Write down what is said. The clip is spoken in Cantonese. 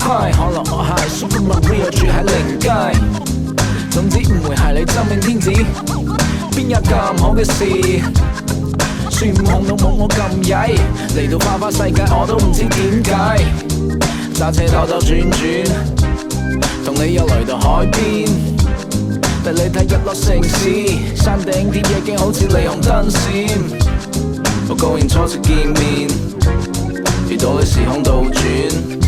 嗨，可能我係 superman real，住喺鄰街，總之唔會係你真命天子。邊有咁好嘅事？孫悟空都冇我咁曳，嚟到花花世界我都唔知點解。揸車兜兜轉轉，同你又嚟到海邊，帶你睇日落城市，山頂啲夜景好似霓虹燈閃。我告別初次見面，遇到你時空倒轉。